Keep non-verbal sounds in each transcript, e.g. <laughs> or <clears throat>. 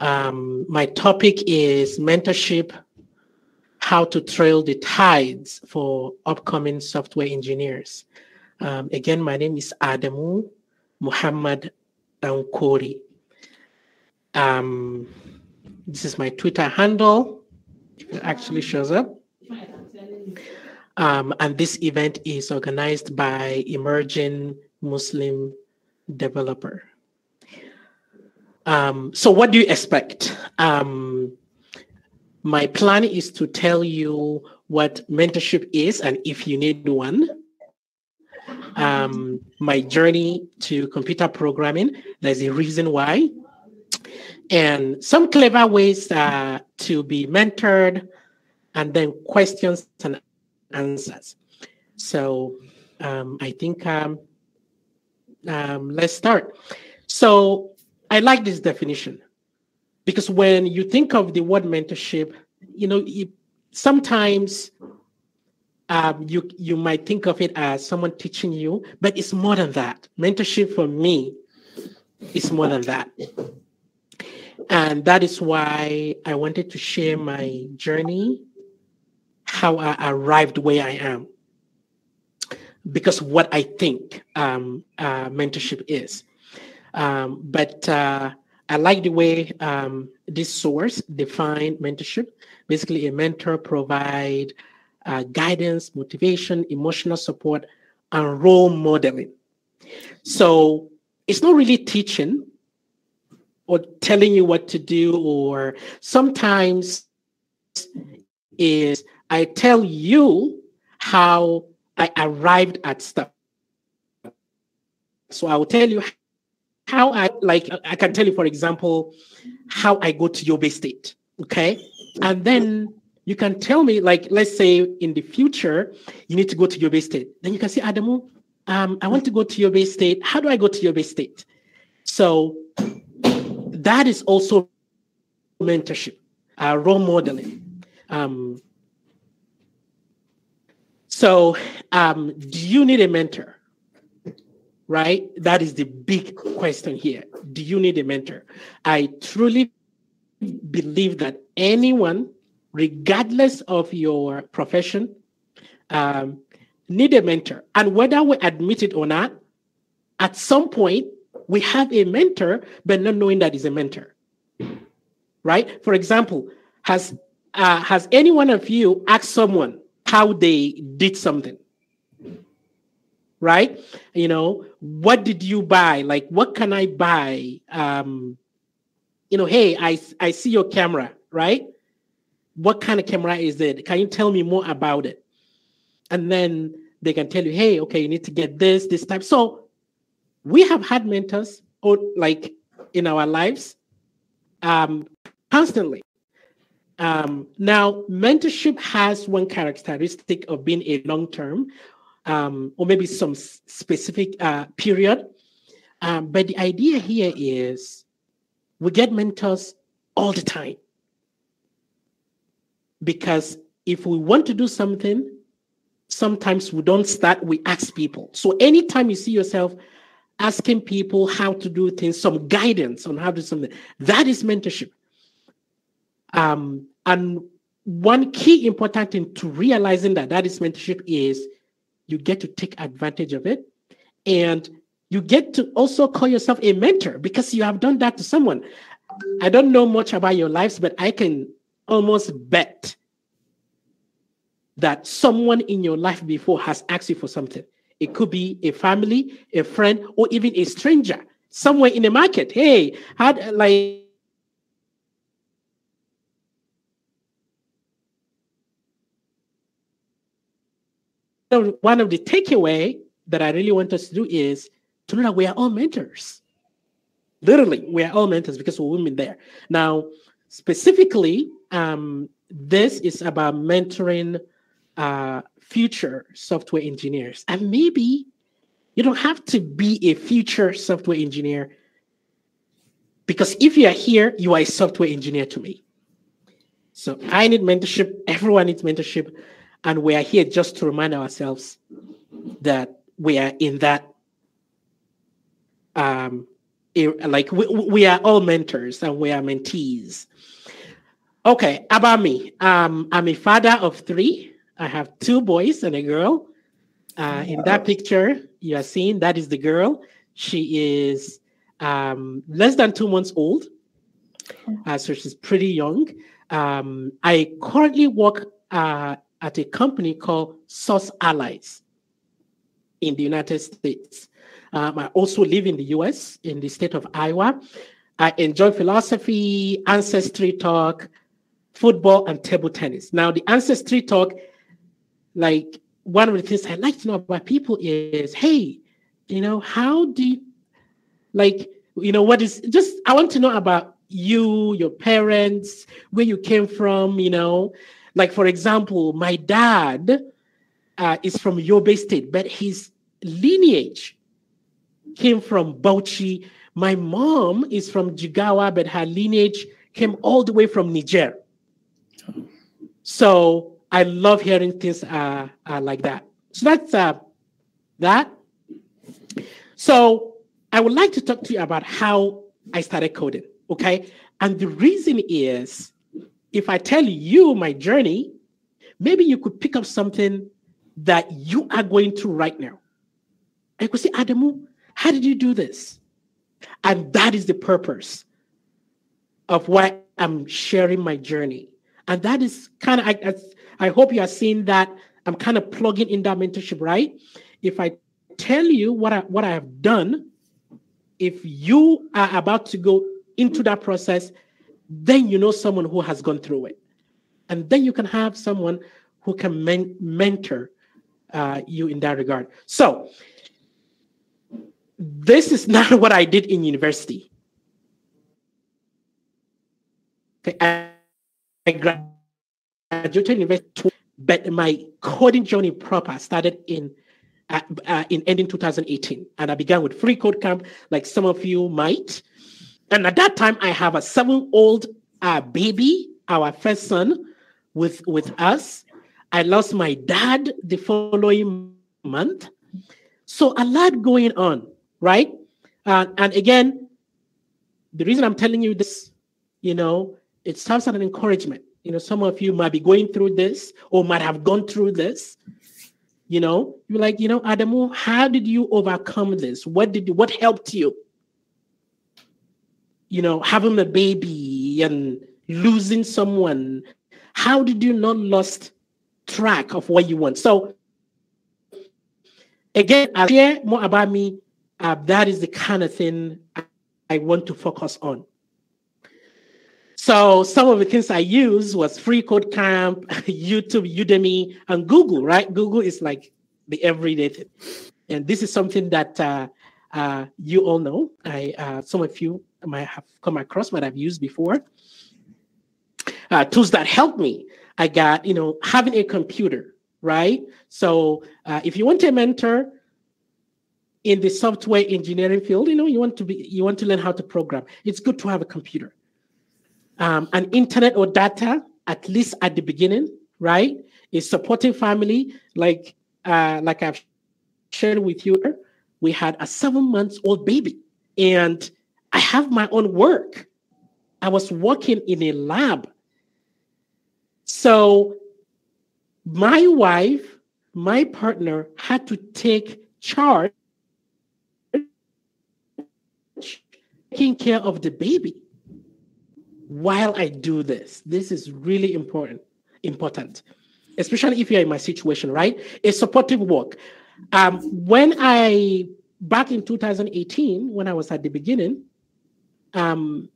Um, my topic is mentorship how to trail the tides for upcoming software engineers. Um, again, my name is Adamu Muhammad Dankori. Um, this is my Twitter handle. It actually shows up. Um, and this event is organized by Emerging Muslim Developer. Um, so, what do you expect? Um, my plan is to tell you what mentorship is and if you need one. Um, my journey to computer programming, there's a reason why. And some clever ways uh, to be mentored, and then questions and answers. So um, I think um, um, let's start. So I like this definition because when you think of the word mentorship, you know, it, sometimes um, you you might think of it as someone teaching you, but it's more than that. Mentorship for me is more than that, and that is why I wanted to share my journey, how I arrived where I am, because what I think um, uh, mentorship is. Um, but uh, I like the way um, this source defined mentorship. Basically, a mentor provide uh, guidance, motivation, emotional support, and role modeling. So it's not really teaching or telling you what to do, or sometimes is I tell you how I arrived at stuff. So I will tell you how I like I can tell you, for example, how I go to Yobe State. Okay. And then you can tell me, like, let's say in the future, you need to go to Yobe State. Then you can say, Adamu, um, I want to go to Yobe State. How do I go to Yobe State? So that is also mentorship, uh, role modeling. Um, so, um, do you need a mentor? right? That is the big question here. Do you need a mentor? I truly believe that anyone, regardless of your profession, um, need a mentor. And whether we admit it or not, at some point we have a mentor, but not knowing that is a mentor, right? For example, has uh, has any one of you asked someone how they did something? right? You know, what did you buy? Like, what can I buy? Um, you know, hey, I, I see your camera, right? What kind of camera is it? Can you tell me more about it? And then they can tell you, hey, okay, you need to get this, this type. So we have had mentors or like in our lives um, constantly. Um, now, mentorship has one characteristic of being a long term, um, or maybe some specific uh, period. Um, but the idea here is we get mentors all the time. Because if we want to do something, sometimes we don't start, we ask people. So anytime you see yourself asking people how to do things, some guidance on how to do something, that is mentorship. Um, and one key important thing to realizing that that is mentorship is you get to take advantage of it. And you get to also call yourself a mentor because you have done that to someone. I don't know much about your lives, but I can almost bet that someone in your life before has asked you for something. It could be a family, a friend, or even a stranger somewhere in the market. Hey, had like one of the takeaway that I really want us to do is to know that we are all mentors. Literally, we are all mentors because we're women there. Now, specifically, um, this is about mentoring uh, future software engineers. And maybe you don't have to be a future software engineer because if you are here, you are a software engineer to me. So I need mentorship. Everyone needs mentorship. And we are here just to remind ourselves that we are in that um er, like we, we are all mentors and we are mentees okay about me um i'm a father of three i have two boys and a girl uh, in that picture you are seeing that is the girl she is um less than two months old uh, so she's pretty young um i currently work uh at a company called Source Allies in the United States. Um, I also live in the US, in the state of Iowa. I enjoy philosophy, ancestry talk, football, and table tennis. Now, the ancestry talk, like one of the things I like to know about people is hey, you know, how do you, like, you know, what is just, I want to know about you, your parents, where you came from, you know, like, for example, my dad uh, is from Yobe State, but his lineage came from Bauchi. My mom is from Jigawa, but her lineage came all the way from Niger. So I love hearing things uh, uh, like that. So that's uh, that. So I would like to talk to you about how I started coding. Okay. And the reason is if I tell you my journey, maybe you could pick up something that you are going through right now. I could say, Adamu, how did you do this? And that is the purpose of why I'm sharing my journey. And that is kind of, I, I hope you are seeing that I'm kind of plugging in that mentorship, right? If I tell you what I, what I have done, if you are about to go into that process, then you know someone who has gone through it. And then you can have someone who can men- mentor uh, you in that regard. So, this is <laughs> not what I did in university. Okay, I, graduated university, but my coding journey proper started in uh, uh, in ending 2018, and I began with free code camp, like some of you might. And at that time, I have a seven-old uh, baby, our first son, with with us. I lost my dad the following month, so a lot going on, right? Uh, and again, the reason I'm telling you this, you know, it serves as an encouragement. You know, some of you might be going through this or might have gone through this. You know, you're like, you know, Adamu, how did you overcome this? What did you, what helped you? you know, having a baby and losing someone. How did you not lost track of what you want? So again, i hear share more about me. Uh, that is the kind of thing I, I want to focus on. So some of the things I use was Free Code Camp, <laughs> YouTube, Udemy, and Google, right? Google is like the everyday thing. And this is something that uh, uh, you all know. I uh, some of you might have come across, might have used before. Uh, tools that help me. I got you know having a computer, right? So uh, if you want a mentor in the software engineering field, you know you want to be you want to learn how to program. It's good to have a computer, um, an internet or data at least at the beginning, right? A supporting family like uh, like I've shared with you we had a seven months old baby. And I have my own work. I was working in a lab. So my wife, my partner had to take charge, taking care of the baby while I do this. This is really important, important, especially if you're in my situation, right? A supportive work. Um, when I back in 2018, when I was at the beginning, um,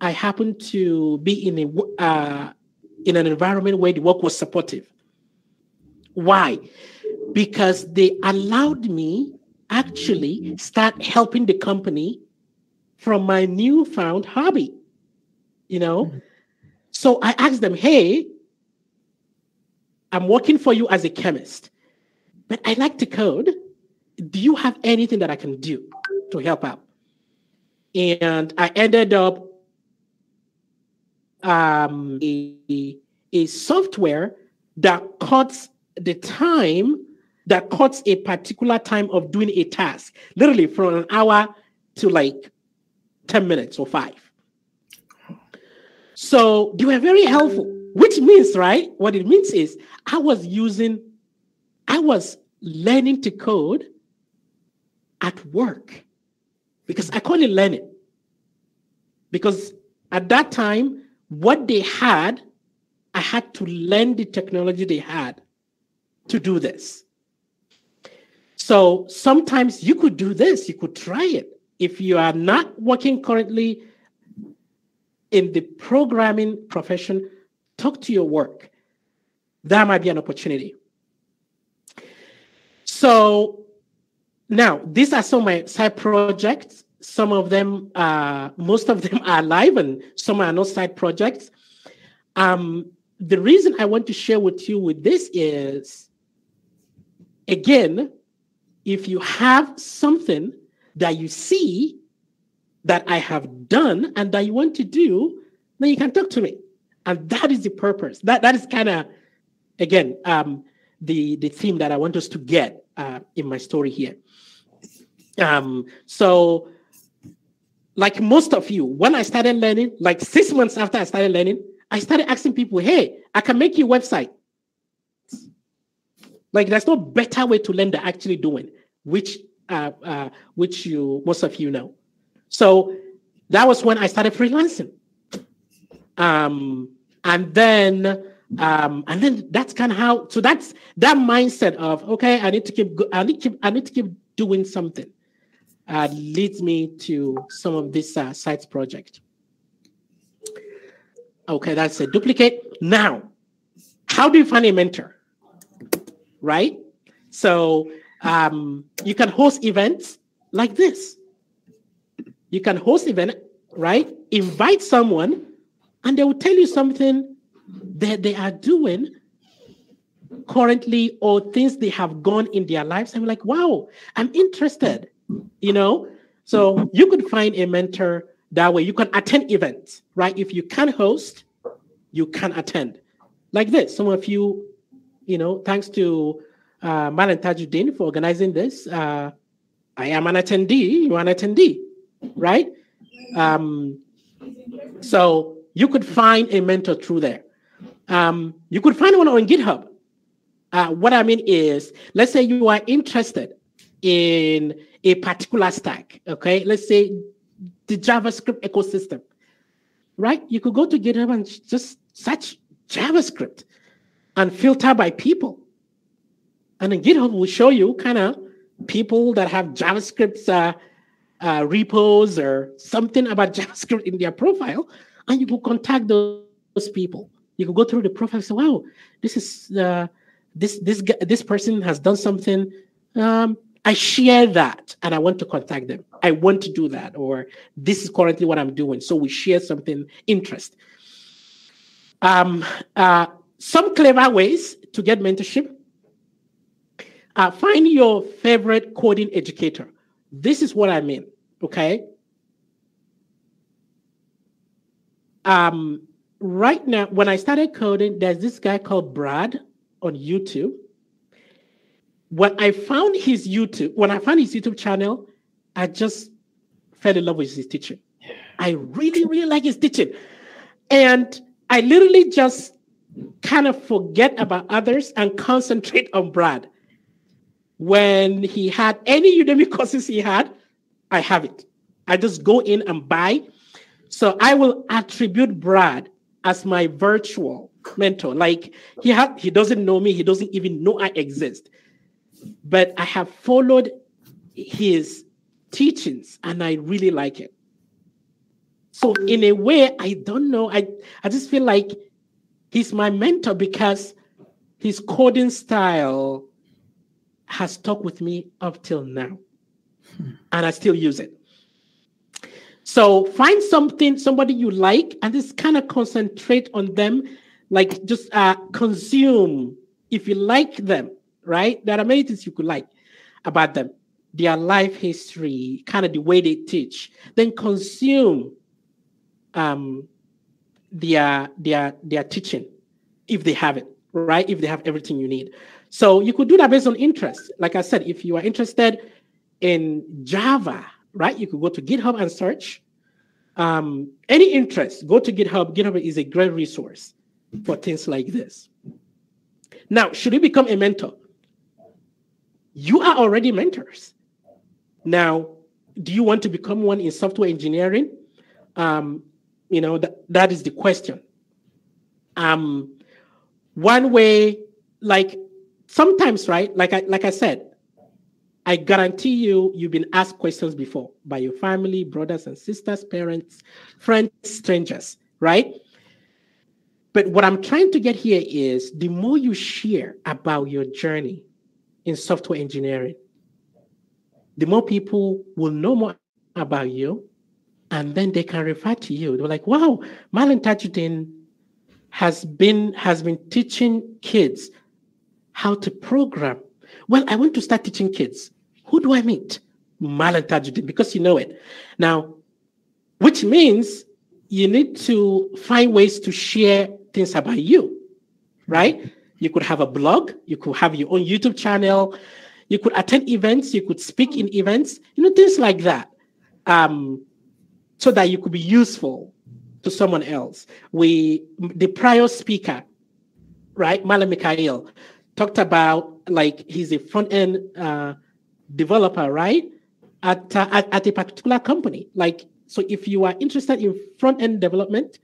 I happened to be in a uh, in an environment where the work was supportive. Why? Because they allowed me actually start helping the company from my newfound hobby. You know, mm-hmm. so I asked them, "Hey, I'm working for you as a chemist." but I like to code. Do you have anything that I can do to help out? And I ended up um, a, a software that cuts the time that cuts a particular time of doing a task, literally from an hour to like 10 minutes or five. So they were very helpful, which means, right? What it means is I was using I was learning to code at work because I couldn't learn it Because at that time, what they had, I had to learn the technology they had to do this. So sometimes you could do this, you could try it. If you are not working currently in the programming profession, talk to your work. That might be an opportunity. So now these are some of my side projects. Some of them are, uh, most of them <laughs> are live and some are not side projects. Um, the reason I want to share with you with this is again, if you have something that you see that I have done and that you want to do, then you can talk to me. And that is the purpose. That that is kind of again um, the the theme that I want us to get uh, in my story here. Um, so, like most of you, when I started learning, like six months after I started learning, I started asking people, hey, I can make you website. Like there's no better way to learn than actually doing, which uh, uh, which you most of you know. So that was when I started freelancing. Um, and then um, and then that's kind of how. So that's that mindset of okay, I need to keep, I need to keep, I need to keep doing something. Uh, leads me to some of this uh, sites project. Okay, that's a duplicate. Now, how do you find a mentor? Right. So um, you can host events like this. You can host event, right? Invite someone, and they will tell you something that they are doing currently or things they have gone in their lives. I'm like, wow, I'm interested, you know? So you could find a mentor that way. You can attend events, right? If you can host, you can attend. Like this, some of you, you know, thanks to uh, Malan Tajuddin for organizing this. Uh, I am an attendee, you're an attendee, right? Um, so you could find a mentor through there. Um, you could find one on GitHub. Uh, what I mean is, let's say you are interested in a particular stack, okay? Let's say the JavaScript ecosystem, right? You could go to GitHub and just search JavaScript and filter by people. And then GitHub will show you kind of people that have JavaScript uh, uh, repos or something about <laughs> JavaScript in their profile, and you could contact those people you could go through the profile and say, wow, this is uh, this this this person has done something. Um, I share that and I want to contact them. I want to do that, or this is currently what I'm doing. So we share something interest. Um, uh, some clever ways to get mentorship. Uh, find your favorite coding educator. This is what I mean. Okay. Um, right now, when I started coding, there's this guy called Brad on YouTube. When I found his YouTube, when I found his YouTube channel, I just fell in love with his teaching. I really, really like his teaching. And I literally just kind of forget about others and concentrate on Brad. When he had any Udemy <laughs> courses he had, I have it. I just go in and buy. So I will attribute Brad as my virtual mentor. Like he ha- he doesn't know me, he doesn't even know I exist. But I have followed his teachings and I really like it. So in a way, I don't know. I, I just feel like he's my mentor because his coding style has stuck with me up till now. Hmm. And I still use it. So find something, somebody you like, and just kind of concentrate on them. Like just uh, consume if you like them, right? There are many things you could like about them, their life history, kind of the way they teach. Then consume um, their their their teaching if they have it, right? If they have everything you need. So you could do that based on interest. Like I said, if you are interested in Java, right? You could go to GitHub and search. Um, any interest, go to GitHub. GitHub is a great resource for things like this. Now, should you become a mentor? You are already mentors. Now, do you want to become one in software engineering? Um, you know, that that is the question. Um, one way, like sometimes, right? Like I like I said, I guarantee you, you've been asked questions before by your family, brothers and sisters, parents, friends, strangers, right? But what I'm trying to get here is the more you share about your journey in software engineering, the more people will know more about you and then they can refer to you. They're like, wow, Marlon Tajuddin has been has been teaching kids how to program. Well, I want to start teaching kids who do I meet? Malin Tajuddin, because you know it. Now, which means you need to find ways to share things about you, right? You could have a blog, you could have your own YouTube channel, you could attend events, you could speak in events, you know, things like that. Um, so that you could be useful to someone else. We the prior speaker, right, Malam Mikhail, talked about like he's a front end uh, developer, right? At, uh, at, at a particular company. Like, so if you are interested in front end development,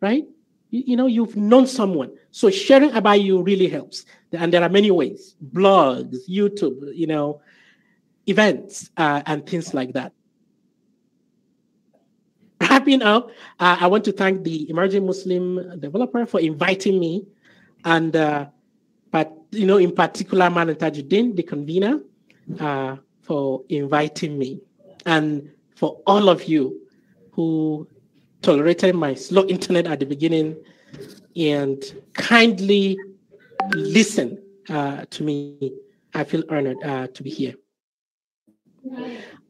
right? You, you know, you've known someone. So sharing about you really helps. And there are many ways blogs, YouTube, you know, events, uh, and things like that. Wrapping up, uh, I want to thank the Emerging Muslim Developer for inviting me and, uh, but, you know, in particular, Manita Judin, the convener, uh, for inviting me and for all of you who tolerated my slow internet at the beginning and kindly listen uh, to me. I feel honored uh, to be here.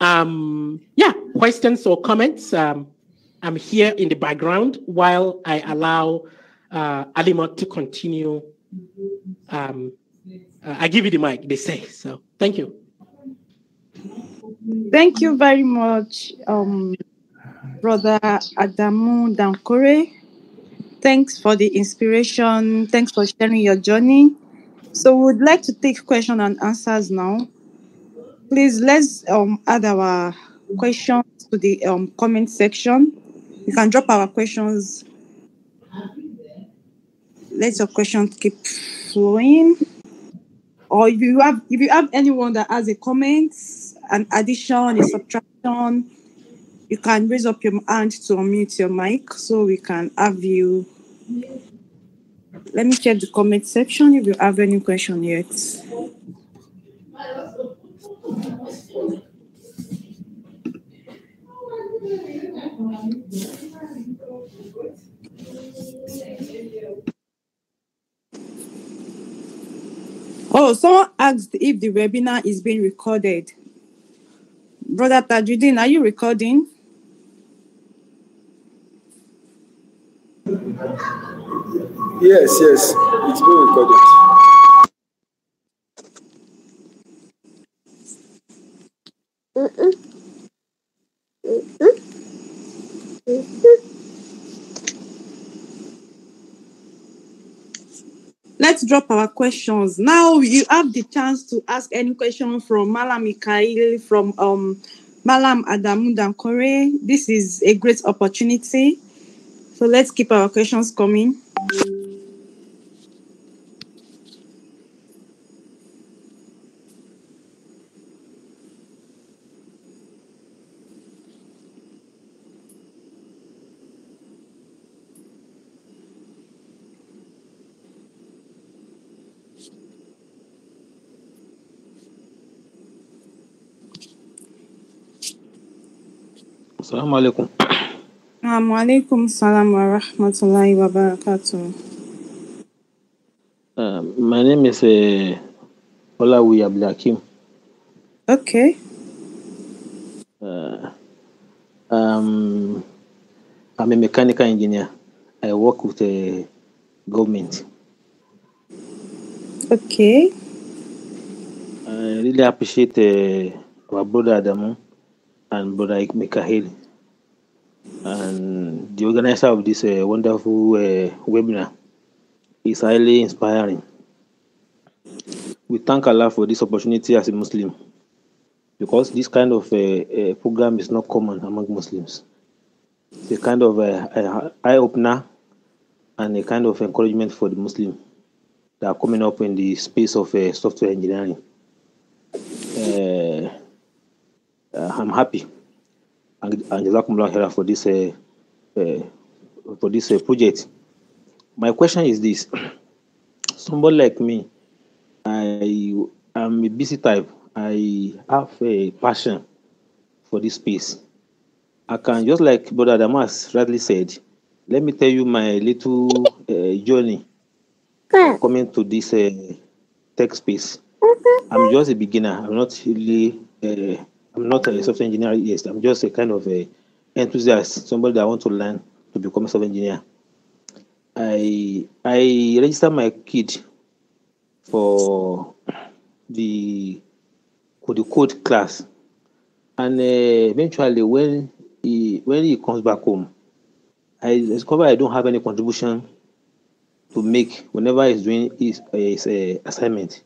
Um, yeah, questions or comments? Um, I'm here in the background while I allow uh, Alimot to continue. Um, uh, I give you the mic, they say. So thank you. Thank you very much, um, Brother Adamu Dankore. Thanks for the inspiration. Thanks for sharing your journey. So we'd like to take question and answers now. Please let's um, add our questions to the um, comment section. You can drop our questions. Let your questions keep flowing. Or if you have if you have anyone that has a comment, an addition, a subtraction. You can raise up your hand to unmute your mic so we can have you. Let me check the comment section if you have any question yet. Oh, someone asked if the webinar is being recorded. Brother Tajuddin, are you recording? Yes, yes, it's being recorded. Mm-mm. Mm-mm. Mm-mm. Let's drop our questions. Now you have the chance to ask any question from Malam Mikhail, from um, Malam Adamu Kore. This is a great opportunity. So let's keep our questions coming. Assalamu alaikum. Wa alaikum salam wa rahmatullahi wa barakatuh. Uh, my name is uh, Olawi Abdulakim. Okay. Uh, um, I'm a mechanical engineer. I work with the government. Okay. I really appreciate uh, our brother Adamu and brother Mikhail and the organizer of this uh, wonderful uh, webinar is highly inspiring. We thank Allah for this opportunity as a Muslim because this kind of uh, uh program is not common among Muslims. It's a kind of uh, eye opener and a kind of encouragement for the Muslim that are coming up in the space of uh, software engineering. I'm happy and, and for this uh, uh, for this uh, project. My question is this: <clears throat> Somebody like me, I am a busy type. I have a passion for this space. I can just like Brother Damas rightly said. Let me tell you my little uh, journey coming to this uh, tech space. Mm-hmm. I'm just a beginner. I'm not really uh, I'm not a software engineer yet. I'm just a kind of a enthusiast, somebody that I want to learn to become a software engineer. I I registered my kid for the code code class, and uh, eventually when he when he comes back home, I discover I don't have any contribution to make whenever he's doing his, his uh, assignment.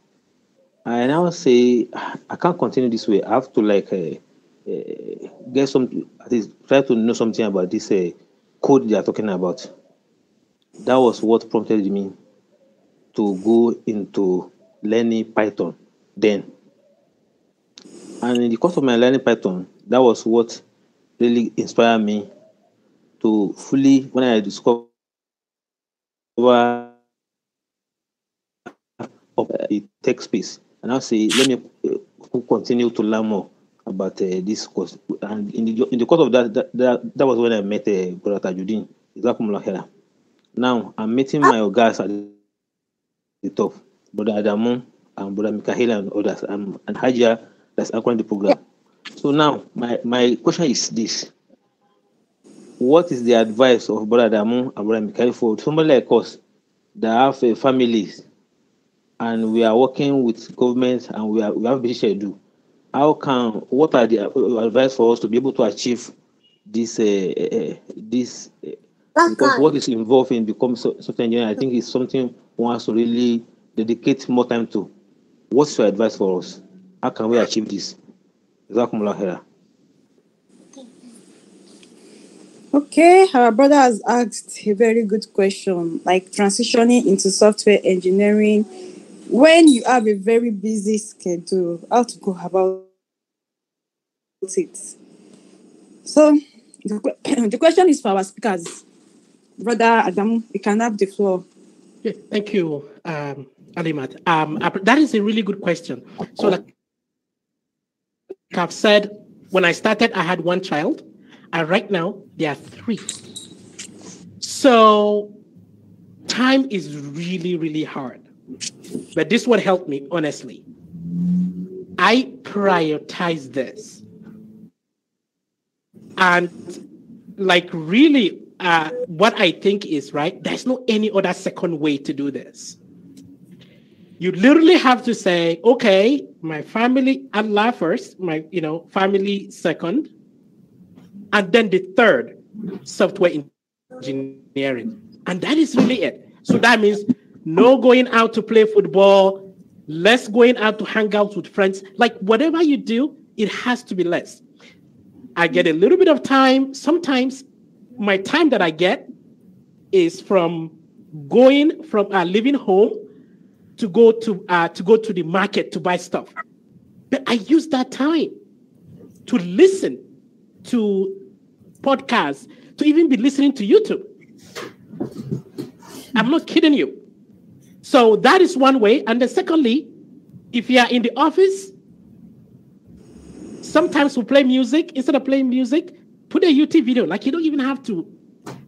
I now say I can't continue this way. I have to like uh, uh, get some at least try to know something about this uh, code they are talking about. That was what prompted me to go into learning Python then. And in the course of my learning Python, that was what really inspired me to fully when I discovered of a tech space and i say, let me uh, continue to learn more about uh, this course. And in the, in the course of that, that, that, that was when I met uh, Brother Tajuddin. Now I'm meeting my guys at the top, Brother Adamu and Brother Mikahela and others, and, and Hajia that's anchoring the program. So now my, my question is this. What is the advice of Brother Adamu and Brother Mikhail for somebody like us that have uh, families and we are working with government and we, are, we have a schedule. How can what are the advice for us to be able to achieve this uh, uh, this uh, because what is involved in becoming software engineer, I think is something one has to really dedicate more time to. What's your advice for us? How can we achieve this? Okay, our brother has asked a very good question, like transitioning into software engineering when you have a very busy schedule, how to go about it. So the, <clears throat> question is for our speakers. Brother Adam, you can have the floor. Yeah, thank you, um, Alimat. Um, that is a really good question. So, like I've said, when I started, I had one child, and right now there are three. So, time is really, really hard. But this would helped me, honestly. I prioritize this. And like really uh, what I think is right, there's no any other second way to do this. You literally have to say, okay, my family, Allah first, my you know, family second, and then the third, software engineering. And that is really it. So that means no going out to play football, less going out to hang out with friends. Like whatever you do, it has to be less. I get a little bit of time. Sometimes my time that I get is from going from uh, living home to go to uh, to go to the market to buy stuff. But I use that time to listen to podcasts, to even be listening to YouTube. I'm not kidding you. So that is one way. And then secondly, if you are in the office, sometimes we play music. Instead of playing music, put a YouTube video. Like you don't even have to.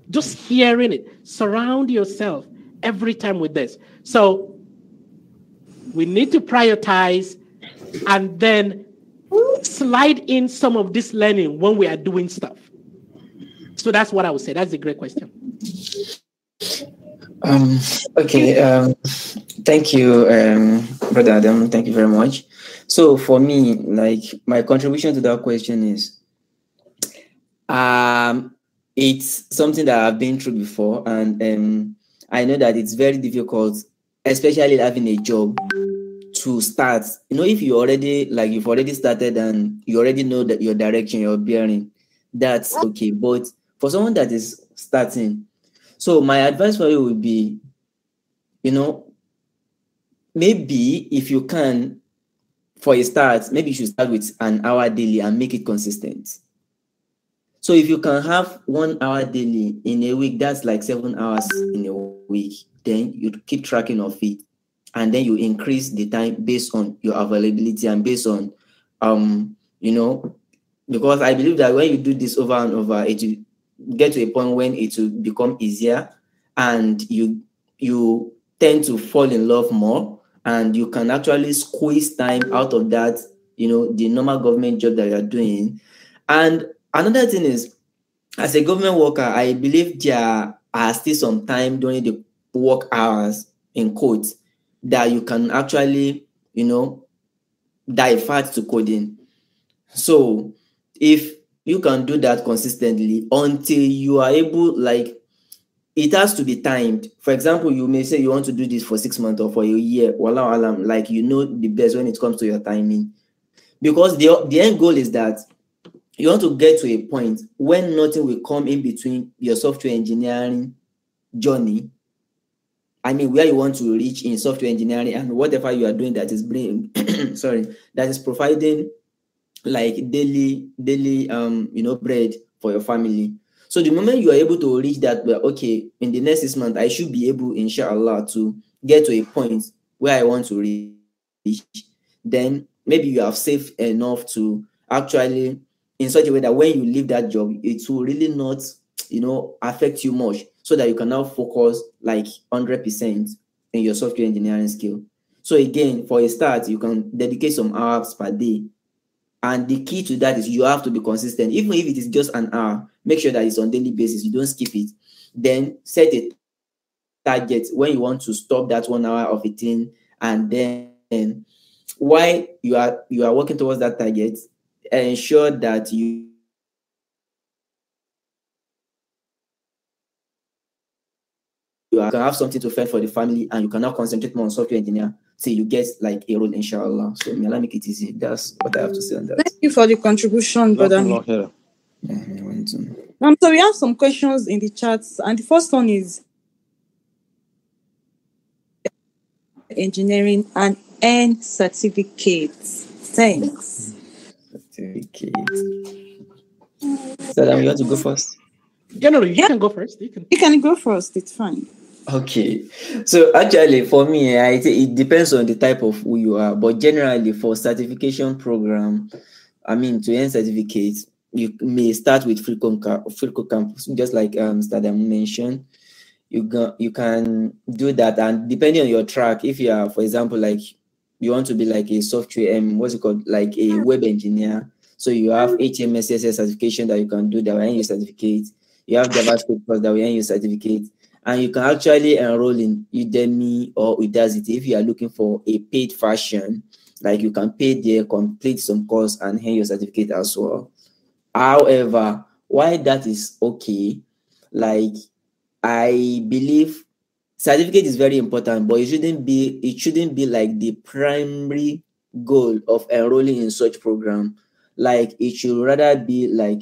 Just hearing it. Surround yourself every time with this. So we need to prioritize and then slide in some of this learning when we are doing stuff. So that's what I would say. That's a great question. Um, okay. Um, thank you, um, Brother Adam. Thank you very much. So for me, like my contribution to that question is, um, it's something that I've been through before, and um, I know that it's very difficult, especially having a job to start. You know, if you already like you've already started and you already know that your direction, your bearing, that's okay. But for someone that is starting, so my advice for you would be, you know, maybe if you can, for a start, maybe you should start with an hour daily and make it consistent. So if you can have one hour daily in a week, that's like seven hours in a week. Then you keep tracking of it, and then you increase the time based on your availability and based on, um, you know, because I believe that when you do this over and over, it get to a point when it will become easier and you you tend to fall in love more and you can actually squeeze time out of that you know the normal government job that you're doing and another thing is as a government worker i believe there are still some time during the work hours in quotes that you can actually you know divert to coding so if you can do that consistently until you are able like it has to be timed for example you may say you want to do this for six months or for a year wallah alam like you know the best when it comes to your timing because the, the end goal is that you want to get to a point when nothing will come in between your software engineering journey i mean where you want to reach in software engineering and whatever you are doing that is bringing <coughs> sorry that is providing like daily daily um you know bread for your family so the moment you are able to reach that well okay in the next six months i should be able inshallah to get to a point where i want to reach then maybe you have saved enough to actually in such a way that when you leave that job it will really not you know affect you much so that you can now focus like 100% in your software engineering skill so again for a start you can dedicate some hours per day and the key to that is you have to be consistent. Even if it is just an hour, make sure that it's on daily basis. You don't skip it. Then set a target when you want to stop that one hour of eating. And then while you are you are working towards that target, ensure that you you, are, have something to fend for the family, and you can now concentrate more on software engineer till you get like a role, inshallah. So may Allah make it easy. That's what I have to say on that. Thank you for the contribution, brother. Um, so we have some questions in the chat, and the first one is engineering and N certificates. Thanks. Certificate. So that we want to go first. General, you yeah. can go first. You can. You can go first. It's fine. Okay. So actually for me, eh, I it depends on the type of who you are, but generally for certification program, I mean to earn certificates, you may start with Freecon Campus, just like um Stadium mentioned. You go, you can do that and depending on your track, if you are, for example, like you want to be like a software um, what's it called, like a hmm. web engineer. So you have HMSSS certification that you can do that will earn your certificate. You have JavaScript course that will earn your certificate and you can actually enroll in Udemy or Udacity if you are looking for a paid fashion. Like you can pay there, complete some course, and hand your certificate as well. However, why that is okay, like I believe certificate is very important, but it shouldn't be it shouldn't be like the primary goal of enrolling in such program. Like it should rather be like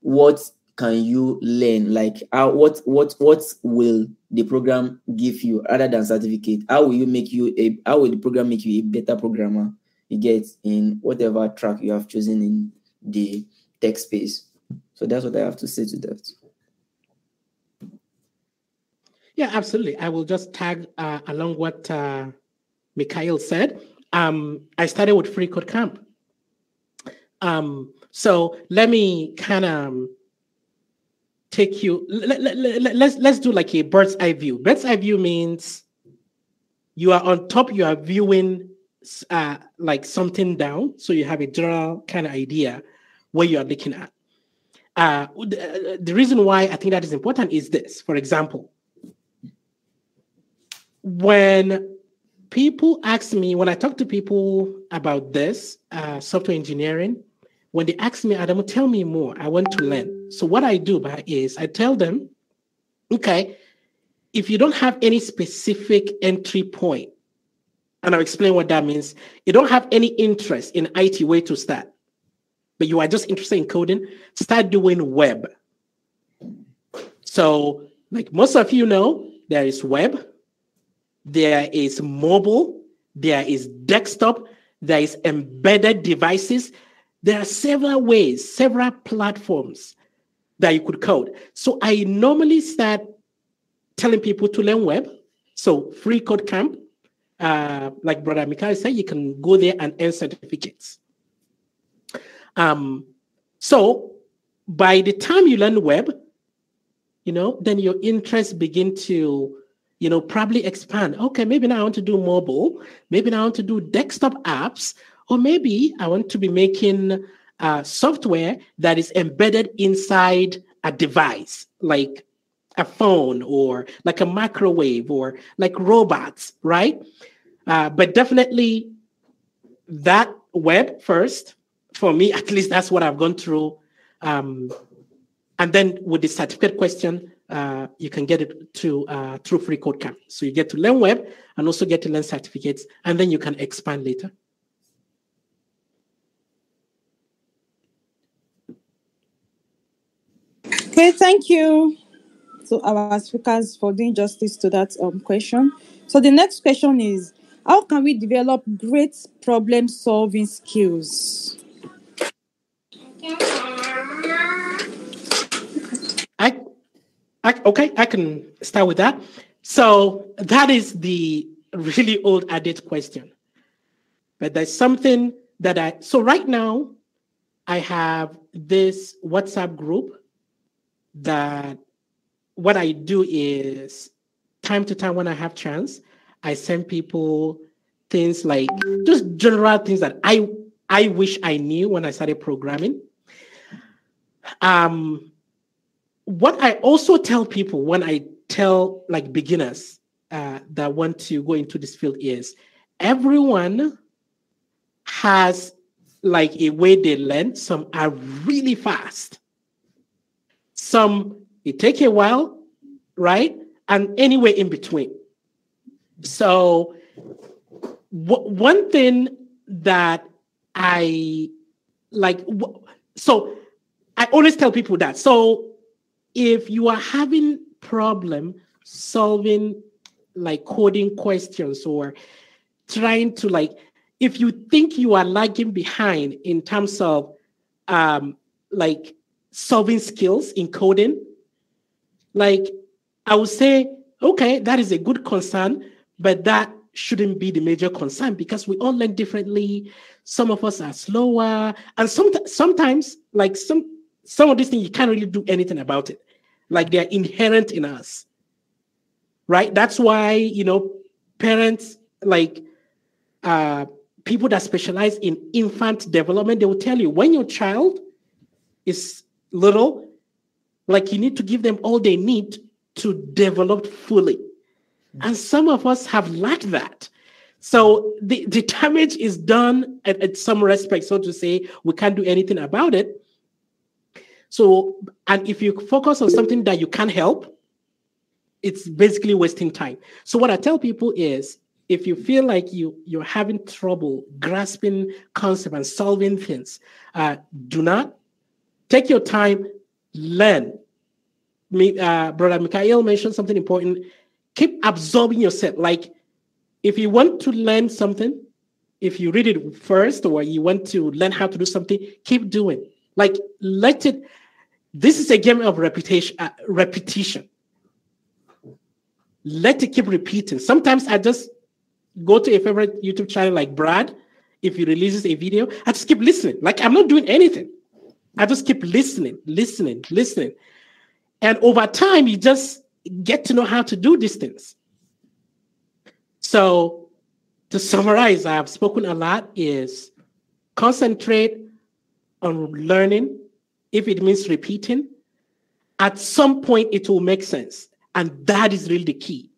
what can you learn? Like how, what what what will the program give you other than certificate? How will you make you a how will the program make you a better programmer? You get in whatever track you have chosen in the tech space. So that's what I have to say to that. Yeah, absolutely. I will just tag uh, along what uh, Mikhail said. Um, I started with free code camp. Um, so let me kind of um, take you let, let, let, let's let's do like a bird's eye view bird's eye view means you are on top you are viewing uh like something down so you have a general kind of idea where you are looking at uh the, the reason why i think that is important is this for example when people ask me when i talk to people about this uh, software engineering when they ask me, Adam, tell me more. I want to learn. So what I do is I tell them, okay, if you don't have any specific entry point, and I'll explain what that means. You don't have any interest in IT way to start, but you are just interested in coding, start doing web. So, like most of you know, there is web, there is mobile, there is desktop, there is embedded devices, there are several ways, several platforms that you could code. So I normally start telling people to learn web. So free code camp, uh, like Brother Mikhail said, you can go there and earn certificates. Um, so by the time you learn web, you know, then your interests begin to, you know, probably expand. Okay, maybe now I want to do mobile. Maybe now I want to do desktop apps. Or maybe I want to be making uh, software that is embedded inside a device, like a phone or like a microwave or like robots, right? Uh, but definitely that web first, for me, <laughs> at least that's what I've gone through. Um, and then with the certificate question, uh, you can get it to uh, through free code camp. So you get to learn web and also get to learn certificates, and then you can expand later. Okay, thank you to our speakers for doing justice to that um, question. So the next question is, how can we develop great problem solving skills? I, I, okay, I can start with that. So that is the really old adage question. But there's something that I, so right now I have this WhatsApp group that what I do is time to time when I have chance, I send people things like just general things that I I wish I knew when I started programming. Um, what I also tell people when I tell like beginners uh, that want to go into this field is everyone has like a way they learn. Some are really fast some, it take a while, right? And anywhere in between. So w- one thing that I like, w- so I always tell people that. So if you are having problem solving like coding questions or trying to like if you think you are lagging behind in terms of um like solving skills in coding. Like I would say, okay, that is a good concern, but that shouldn't be the major concern because we all learn differently. Some of us are slower, and some sometimes like some some of these things you can't really do anything about it. Like they're inherent in us. Right? That's why, you know, parents like uh people that specialize in infant development, they will tell you when your child is little, like you need to give them all they need to develop fully. And some of us have lacked that. So the, the damage is done at, at some respect, so to say, we can't do anything about it. So, and if you focus on something that you can't help, it's basically wasting time. So what I tell people is if you feel like you you're having trouble grasping concepts and solving things, uh, do not Take your time, learn. Me, uh, Brother Mikhail mentioned something important. Keep absorbing yourself. Like, if you want to learn something, if you read it first or you want to learn how to do something, keep doing. Like, let it. This is a game of reputation, uh, repetition. Let it keep repeating. Sometimes I just go to a favorite YouTube channel like Brad. If he releases a video, I just keep listening. Like I'm not doing anything. I just keep listening, listening, listening. And over time, you just get to know how to do these things. So, to summarize, I've spoken a lot is concentrate on learning if it means repeating. At some point, it will make sense. And that is really the key.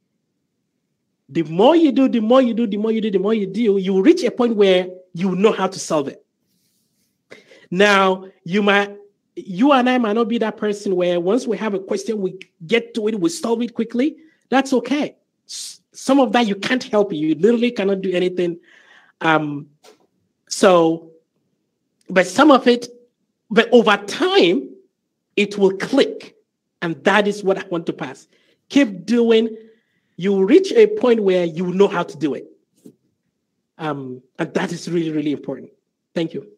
The more you do, the more you do, the more you do, the more you do, you reach a point where you know how to solve it. Now, you might you and I might not be that person where once we have a question, we get to it, we solve it quickly. That's okay. Some of that you can't help. You literally cannot do anything. Um, so, but some of it, but over time, it will click. And that is what I want to pass. Keep doing. You reach a point where you know how to do it. Um, and that is really, really important. Thank you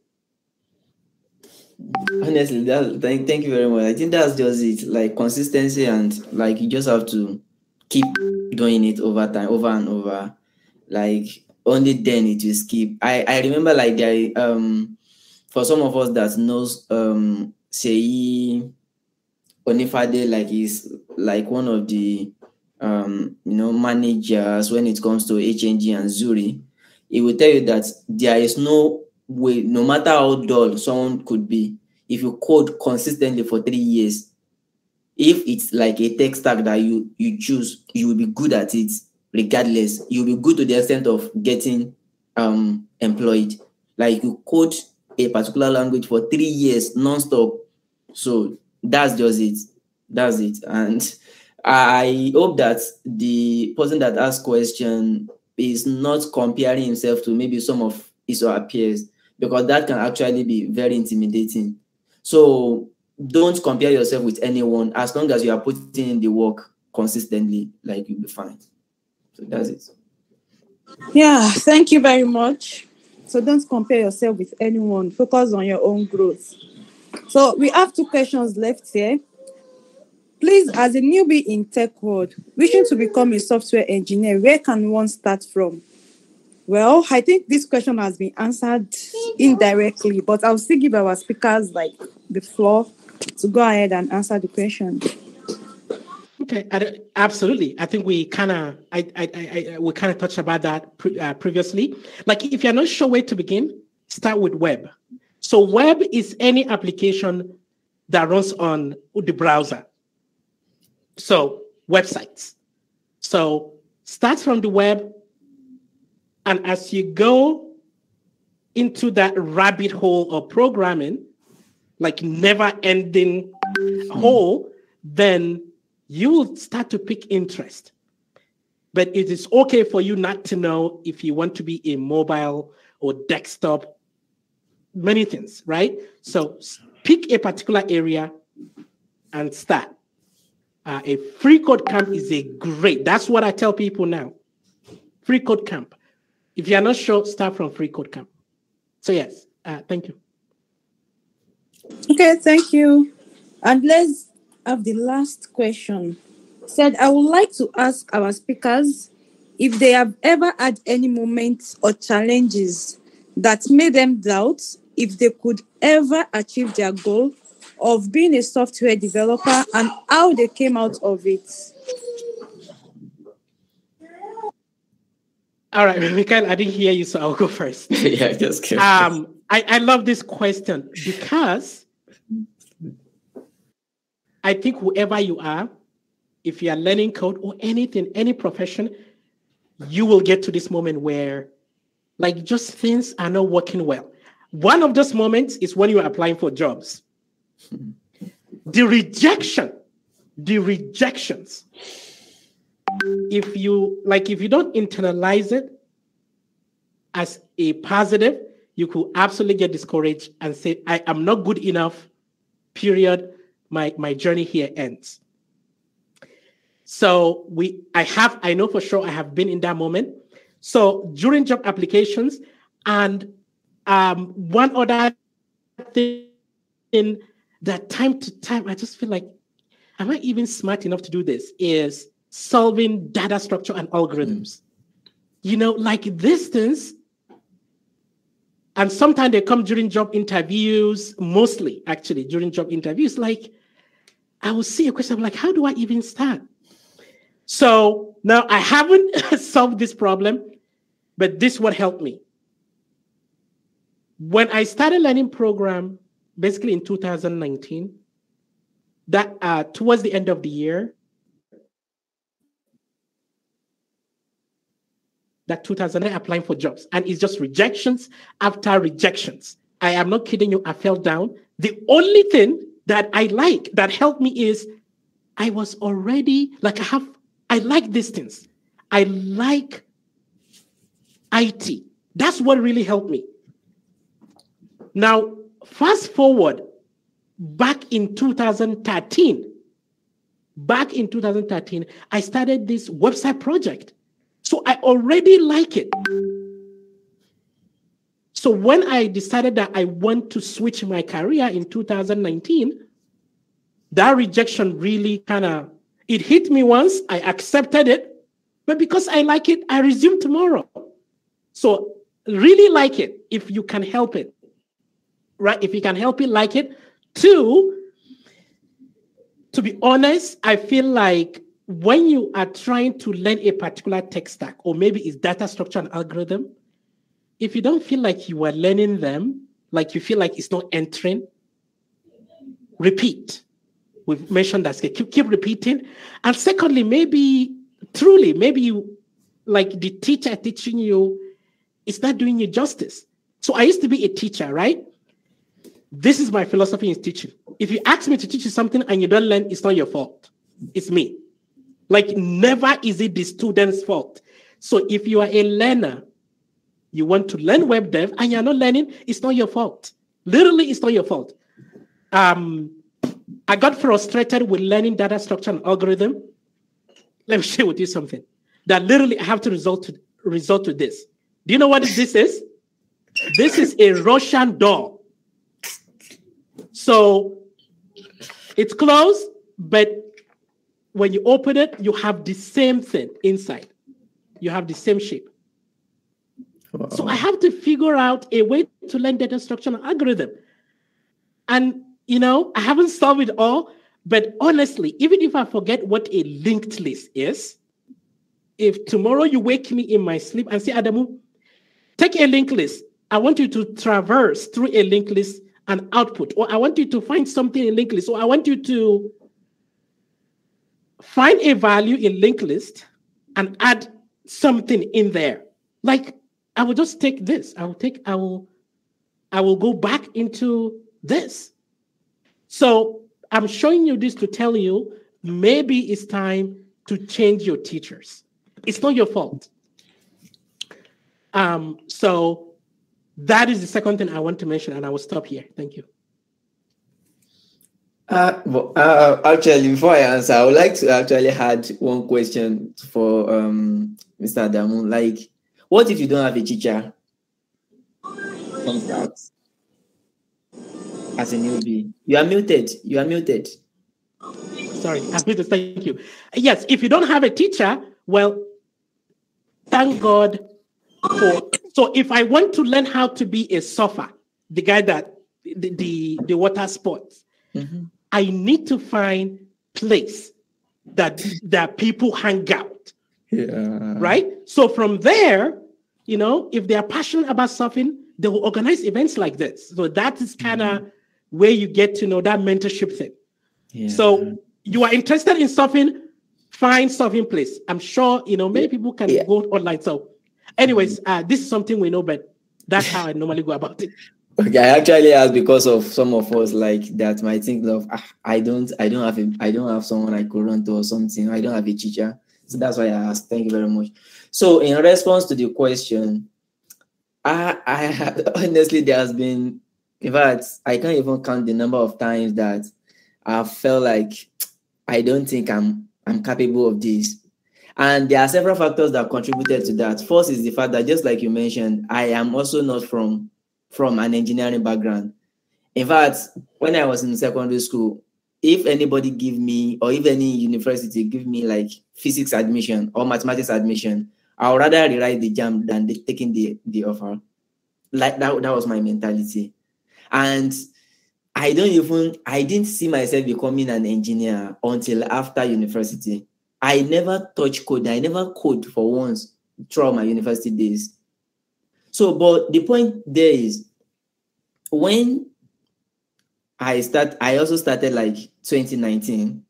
honestly that thank, thank you very much i think that's just it like consistency and like you just have to keep doing it over time over and over like only then it will skip i i remember like there um for some of us that knows um say onifade like is like one of the um you know managers when it comes to hng and zuri it will tell you that there is no with no matter how dull someone could be, if you code consistently for three years, if it's like a tech stack that you you choose, you will be good at it regardless. You'll be good to the extent of getting um employed. Like you code a particular language for three years nonstop. So that's just it. That's it. And I hope that the person that asked question is not comparing himself to maybe some of his or her peers because that can actually be very intimidating. So don't compare yourself with anyone. As long as you are putting in the work consistently, like you'll be fine. So that's it. Yeah, thank you very much. So don't compare yourself with anyone. Focus on your own growth. So we have two questions left here. Please, as a newbie in tech world, wishing to become a software engineer, where can one start from? Well, I think this question has been answered indirectly, but I'll still give our speakers like the floor to go ahead and answer the question. Okay, I absolutely. I think we kind of, I, I, I, we kind of touched about that pre- uh, previously. Like, if you're not sure where to begin, start with web. So, web is any application that runs on the browser. So, websites. So, start from the web, and as you go into that rabbit hole of programming, like never ending hole, then you will start to pick interest. But it is okay for you not to know if you want to be a mobile or desktop, many things, right? So pick a particular area and start. Uh, a free code camp is a great, that's what I tell people now. Free code camp if you are not sure, start from free code camp. So yes, uh, thank you. Okay, thank you. And let's have the last question. Said, I would like to ask our speakers if they have ever had any moments or challenges that made them doubt if they could ever achieve their goal of being a software developer and how they came out of it. All right, Michael, I didn't hear you, so I'll go first. <laughs> yeah, just kidding. Um, I, I love this question because I think whoever you are, if you are learning code or anything, any profession, you will get to this moment where like just things are not working well. One of those moments is when you are applying for jobs. <laughs> the rejection, the rejections if you like if you don't internalize it as a positive you could absolutely get discouraged and say i am not good enough period my my journey here ends so we i have i know for sure i have been in that moment so during job applications and um, one other thing that time to time i just feel like am i even smart enough to do this is solving data structure and algorithms. Mm. You know, like these things. And sometimes they come during job interviews, mostly actually during job interviews. Like, I will see a question, I'm like, how do I even start? So now I haven't <laughs> solved this problem, but this would help me. When I started learning program, basically in 2019, that uh, towards the end of the year, that 2008 applying for jobs. And it's just rejections after rejections. I am not kidding you. I fell down. The only thing that I like that helped me is I was already like, I have, I like these things. I like IT. That's what really helped me. Now, fast forward back in 2013. Back in 2013, I started this website project. So I already like it. So when I decided that I want to switch my career in 2019, that rejection really kind of it hit me once, I accepted it, but because I like it, I resume tomorrow. So really like it if you can help it. Right? If you can help it, like it. Two, to be honest, I feel like when you are trying to learn a particular tech stack, or maybe it's data structure and algorithm, if you don't feel like you are learning them, like you feel like it's not entering, repeat. We've mentioned that. Keep, keep repeating. And secondly, maybe truly, maybe you like the teacher teaching you is not doing you justice. So I used to be a teacher, right? This is my philosophy in teaching. If you ask me to teach you something and you don't learn, it's not your fault. It's me. Like, never is it the student's fault. So, if you are a learner, you want to learn web dev and you're not learning, it's not your fault. Literally, it's not your fault. Um, I got frustrated with learning data structure and algorithm. Let me <laughs> share with you something that literally I have to resort to, resort to this. Do you know what this is? This is a Russian door. So it's closed, but when you open it, you have the same thing inside. You have the same shape. Wow. So I have to figure out a way to learn data structure and algorithm. And you know, I haven't solved it all, but honestly, even if I forget what a linked list is, if tomorrow you wake me in my sleep and say, Adamu, take a linked list. I want you to traverse through a linked list and output, or I want you to find something in linked list, or I want you to find a value in linked list and add something in there. Like I will just take this. I will take, I will, I will go back into this. So I'm showing you this to tell you maybe it's time to change your teachers. It's not your fault. Um, so that is the second thing I want to mention, and I will stop here. Thank you. Uh, well, uh, uh, actually, before I answer, I would like to actually had one question for um, Mr. Damon. Like, what if you don't have a teacher? Comes out as a newbie. You are muted. You are muted. Sorry, I'm muted. Thank you. Yes, if you don't have a teacher, well, thank God for. So, if I want to learn how to be a surfer, the guy that the the, the water sports. Mm -hmm. I need to find place that that people hang out. Yeah. Right? So from there, you know, if they are passionate about something, they will organize events like this. So that is kind of mm-hmm. where you get to know that mentorship thing. Yeah. So you are interested in something, find something place. I'm sure you know many people can yeah. go online. So, anyways, mm-hmm. uh, this is something we know, but that's how I normally go about it. Okay, I actually asked because of some of us like that might think of ah, I don't I don't have a I don't have someone I could run to or something. I don't have a teacher. So that's why I asked. Thank you very much. So in response to the question, I I have, <laughs> honestly there has been in fact I can't even count the number of times that I felt like I don't think I'm I'm capable of this. And there are several factors that contributed to that. First is the fact that just like you mentioned, I am also not from from an engineering background. In fact, when I was in secondary school, if anybody give me or if any university give me like physics admission or mathematics admission, I would rather rewrite the jam than the, taking the, the offer. Like that, that was my mentality. And I don't even I didn't see myself becoming an engineer until after university. I never touch code. I never code for once throughout my university days. So, but the point there is when I start, I also started like 2019.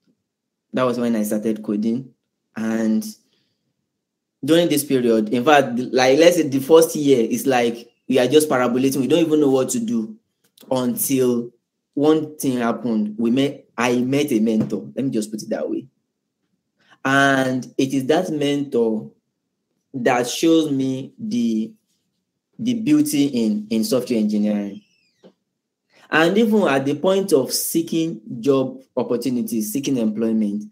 That was when I started coding. And during this period, in fact, like let's say the first year is like we are just parabolating, we don't even know what to do until one thing happened. We met, I met a mentor. Let me just put it that way. And it is that mentor that shows me the the beauty in, in software engineering. And even at the point of seeking job opportunities, seeking employment,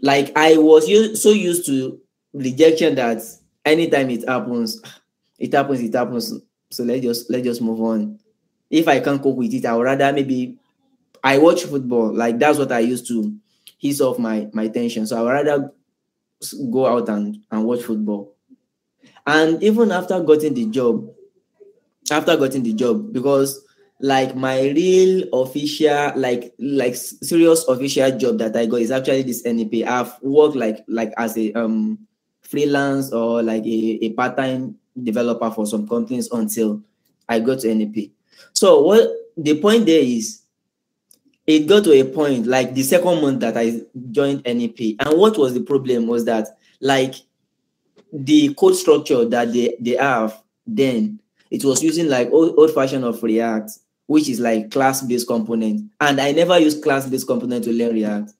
like I was so used to rejection that anytime it happens, <sighs> it happens, it happens. So let's just let's just move on. If I can't cope with it, I would rather maybe I watch football. Like that's what I used to ease off my my tension. So I would rather go out and and watch football and even after getting the job, after getting the job, because like my real official, like like serious official job that I got is actually this NEP. I've worked like like as a um freelance or like a, a part-time developer for some companies until I got to NEP. So what the point there is it got to a point like the second month that I joined NEP. And what was the problem was that like the code structure that they, they have then, it was using like old, old fashion of React, which is like class-based component. And I never use class-based component to learn React.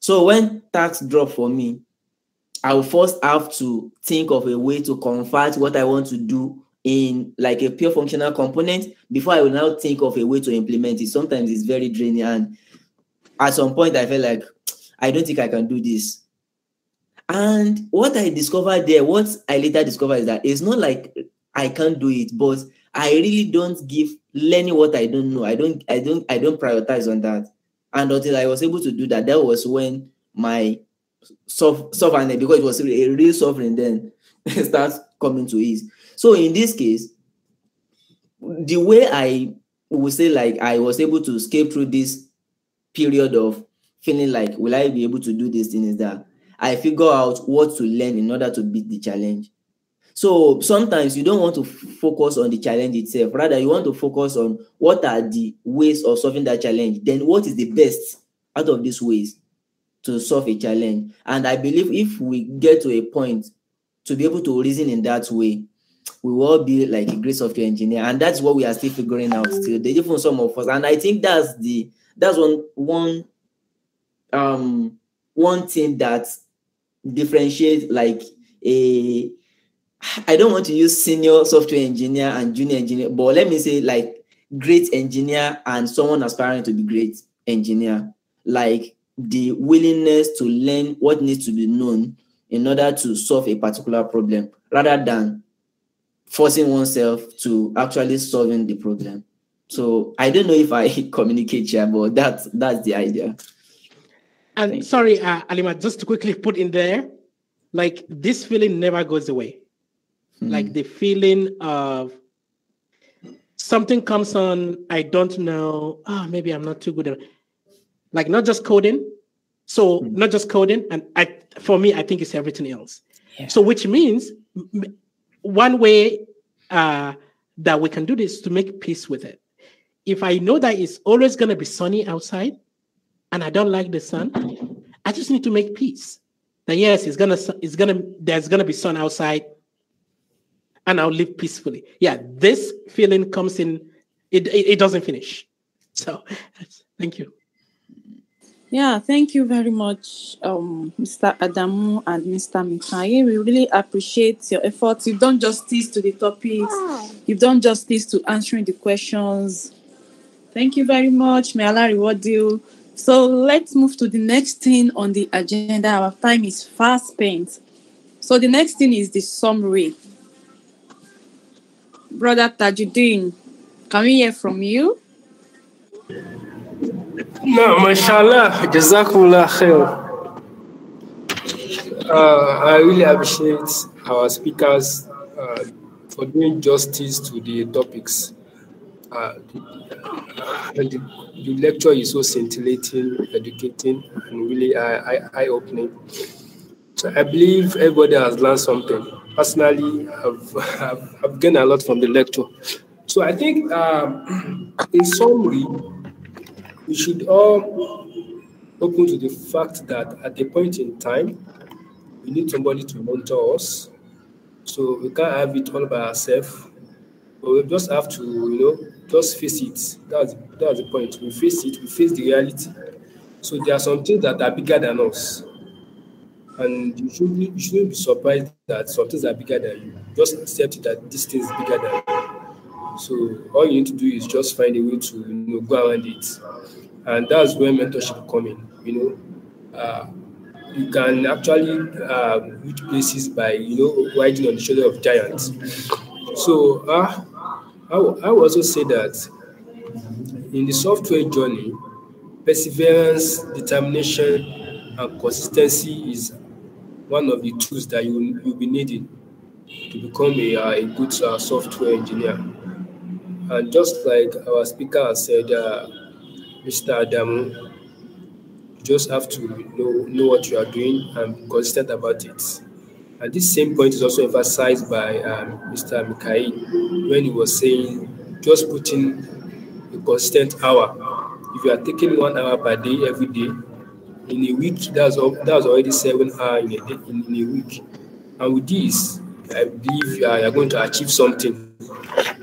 So when tax drop for me, I will first have to think of a way to convert what I want to do in like a pure functional component before I will now think of a way to implement it. Sometimes it's very draining. And at some point, I felt like I don't think I can do this. And what I discovered there, what I later discovered is that it's not like I can't do it, but I really don't give learning what I don't know. I don't, I don't, I don't prioritize on that. And until I was able to do that, that was when my sovereignty, because it was a real suffering, then, <laughs> starts coming to ease. So in this case, the way I would say like I was able to escape through this period of feeling like will I be able to do this thing is that I figure out what to learn in order to beat the challenge. So sometimes you don't want to focus on the challenge itself. Rather, you want to focus on what are the ways of solving that challenge. Then, what is the best out of these ways to solve a challenge? And I believe if we get to a point to be able to reason in that way, we will be like a great software engineer. And that's what we are still figuring out still. The different some of us. And I think that's the that's one one um one thing that differentiate like a I don't want to use senior software engineer and junior engineer, but let me say like great engineer and someone aspiring to be great engineer. Like the willingness to learn what needs to be known in order to solve a particular problem rather than forcing oneself to actually solving the problem. So I don't know if I <laughs> communicate here, but that's that's the idea. And sorry, uh, Alima, just to quickly put in there, like this feeling never goes away. Mm-hmm. Like the feeling of something comes on, I don't know. Oh, maybe I'm not too good at like not just coding. So mm-hmm. not just coding, and I for me, I think it's everything else. Yeah. So which means one way uh, that we can do this to make peace with it. If I know that it's always gonna be sunny outside, and I don't like the sun, I just need to make peace. That yes, it's gonna it's gonna there's gonna be sun outside, and I'll live peacefully. Yeah, this feeling comes in. It it, it doesn't finish. So, <laughs> thank you. Yeah, thank you very much, um, Mr. Adamu and Mr. Mikaye. We really appreciate your efforts. You've done justice to the topics. Wow. Ah. You've done justice to answering the questions. Thank you very much. May Allah reward you. So let's move to the next thing on the agenda. Our time is fast spent. So the next thing is the summary. Brother Tajuddin, can we hear from you? No, mashallah, jazakumullah khair. Uh, I really appreciate our speakers uh, for doing justice to the topics uh, and the, the, lecture is so scintillating, educating, and really eye, opening. So I believe everybody has learned something. Personally, I've, <laughs> I've, I've gained a lot from the lecture. So I think, um, <clears throat> in summary, we should all open to the fact that at a point in time, we need somebody to mentor us. So we can't have it all by ourselves. But we just have to, you know, just face it. That's that's the point. We face it. We face the reality. So there are some things that are bigger than us, and you shouldn't you shouldn't be surprised that some things are bigger than you. Just accept that this thing is bigger than you. So all you need to do is just find a way to you know, go around it, and that's where mentorship come in. You know. Uh, you can actually uh, reach places by you know riding on the shoulder of giants. So uh, I will also say that in the software journey, perseverance, determination, and consistency is one of the tools that you will be needing to become a, uh, a good uh, software engineer. And just like our speaker said, uh, Mr. Adam, you just have to know, know what you are doing and be consistent about it. And this same point is also emphasized by um, Mr. Mikhail when he was saying just putting a constant hour. If you are taking one hour per day every day, in a week, that's, that's already seven hours in a, day, in, in a week. And with this, I believe you are, you are going to achieve something.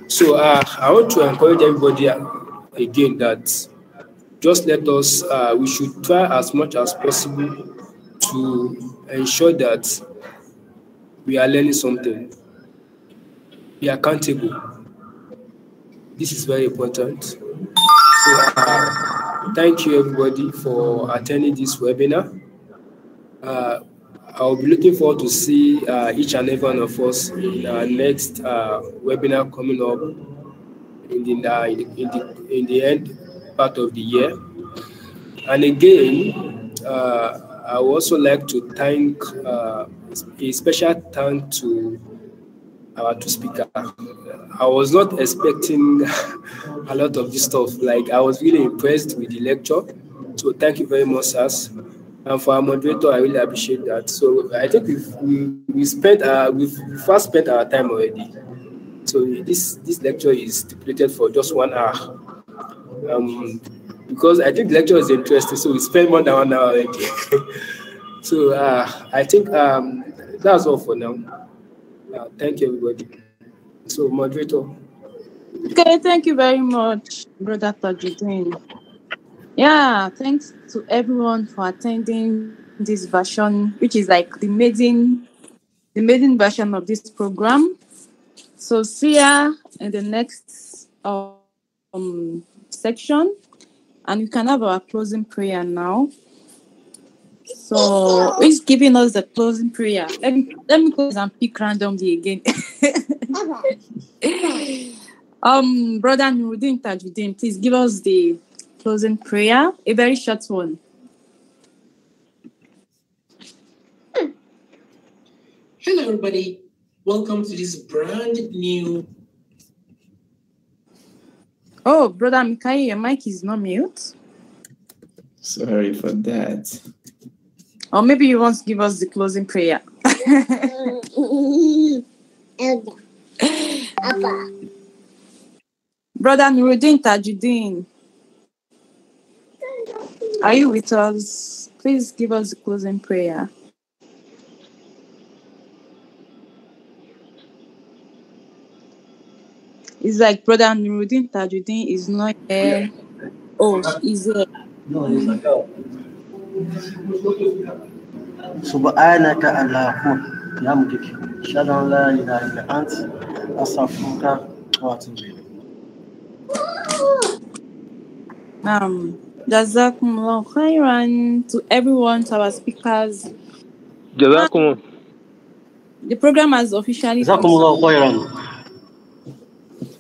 So uh, I want to encourage everybody again that just let us, uh, we should try as much as possible to ensure that we are learning something. Be accountable. This is very important. So, uh, thank you everybody for attending this webinar. Uh, I'll be looking forward to see uh, each and every one of us in our next uh, webinar coming up uh, in the, in the, in the end part of the year. And again, uh, I would also like to thank uh, a special thank to our two speaker. I was not expecting <laughs> a lot of this stuff. Like I was really impressed with the lecture. So thank you very much, sir. And for our moderator, I really appreciate that. So I think we've, we we spent our we've first spent our time already. So this this lecture is stipulated for just one hour. Um, because I think lecture is interesting, so we spend more than one hour already. <laughs> so uh, I think um, that's all for now. Uh, thank you, everybody. So, moderator. Okay, thank you very much, Brother Tajudin. Yeah, thanks to everyone for attending this version, which is like the maiden, the maiden version of this program. So see ya in the next um, section. And we can have our closing prayer now. So who's giving us the closing prayer? Let me let me close and pick randomly again. <laughs> um, brother Nuruddin Tajuddin, please give us the closing prayer, a very short one. Hello, everybody. Welcome to this brand new Oh, brother Mikael, your mic is not mute. Sorry for that. Or maybe you want to give us the closing prayer. <laughs> brother Nuruddin Tajuddin, are you with us? Please give us the closing prayer. It's like brother Nuruddin Tajuddin is not here. Yeah. Oh, he's here. No, he's not. سبحانك اللهم بحمدك أشهد أن لا إله إلا أنت أستغفرك وأتوب إليك. Um, Jazakumullah khairan to everyone, to our speakers. Jazakumullah. The program has officially. Jazakumullah khairan.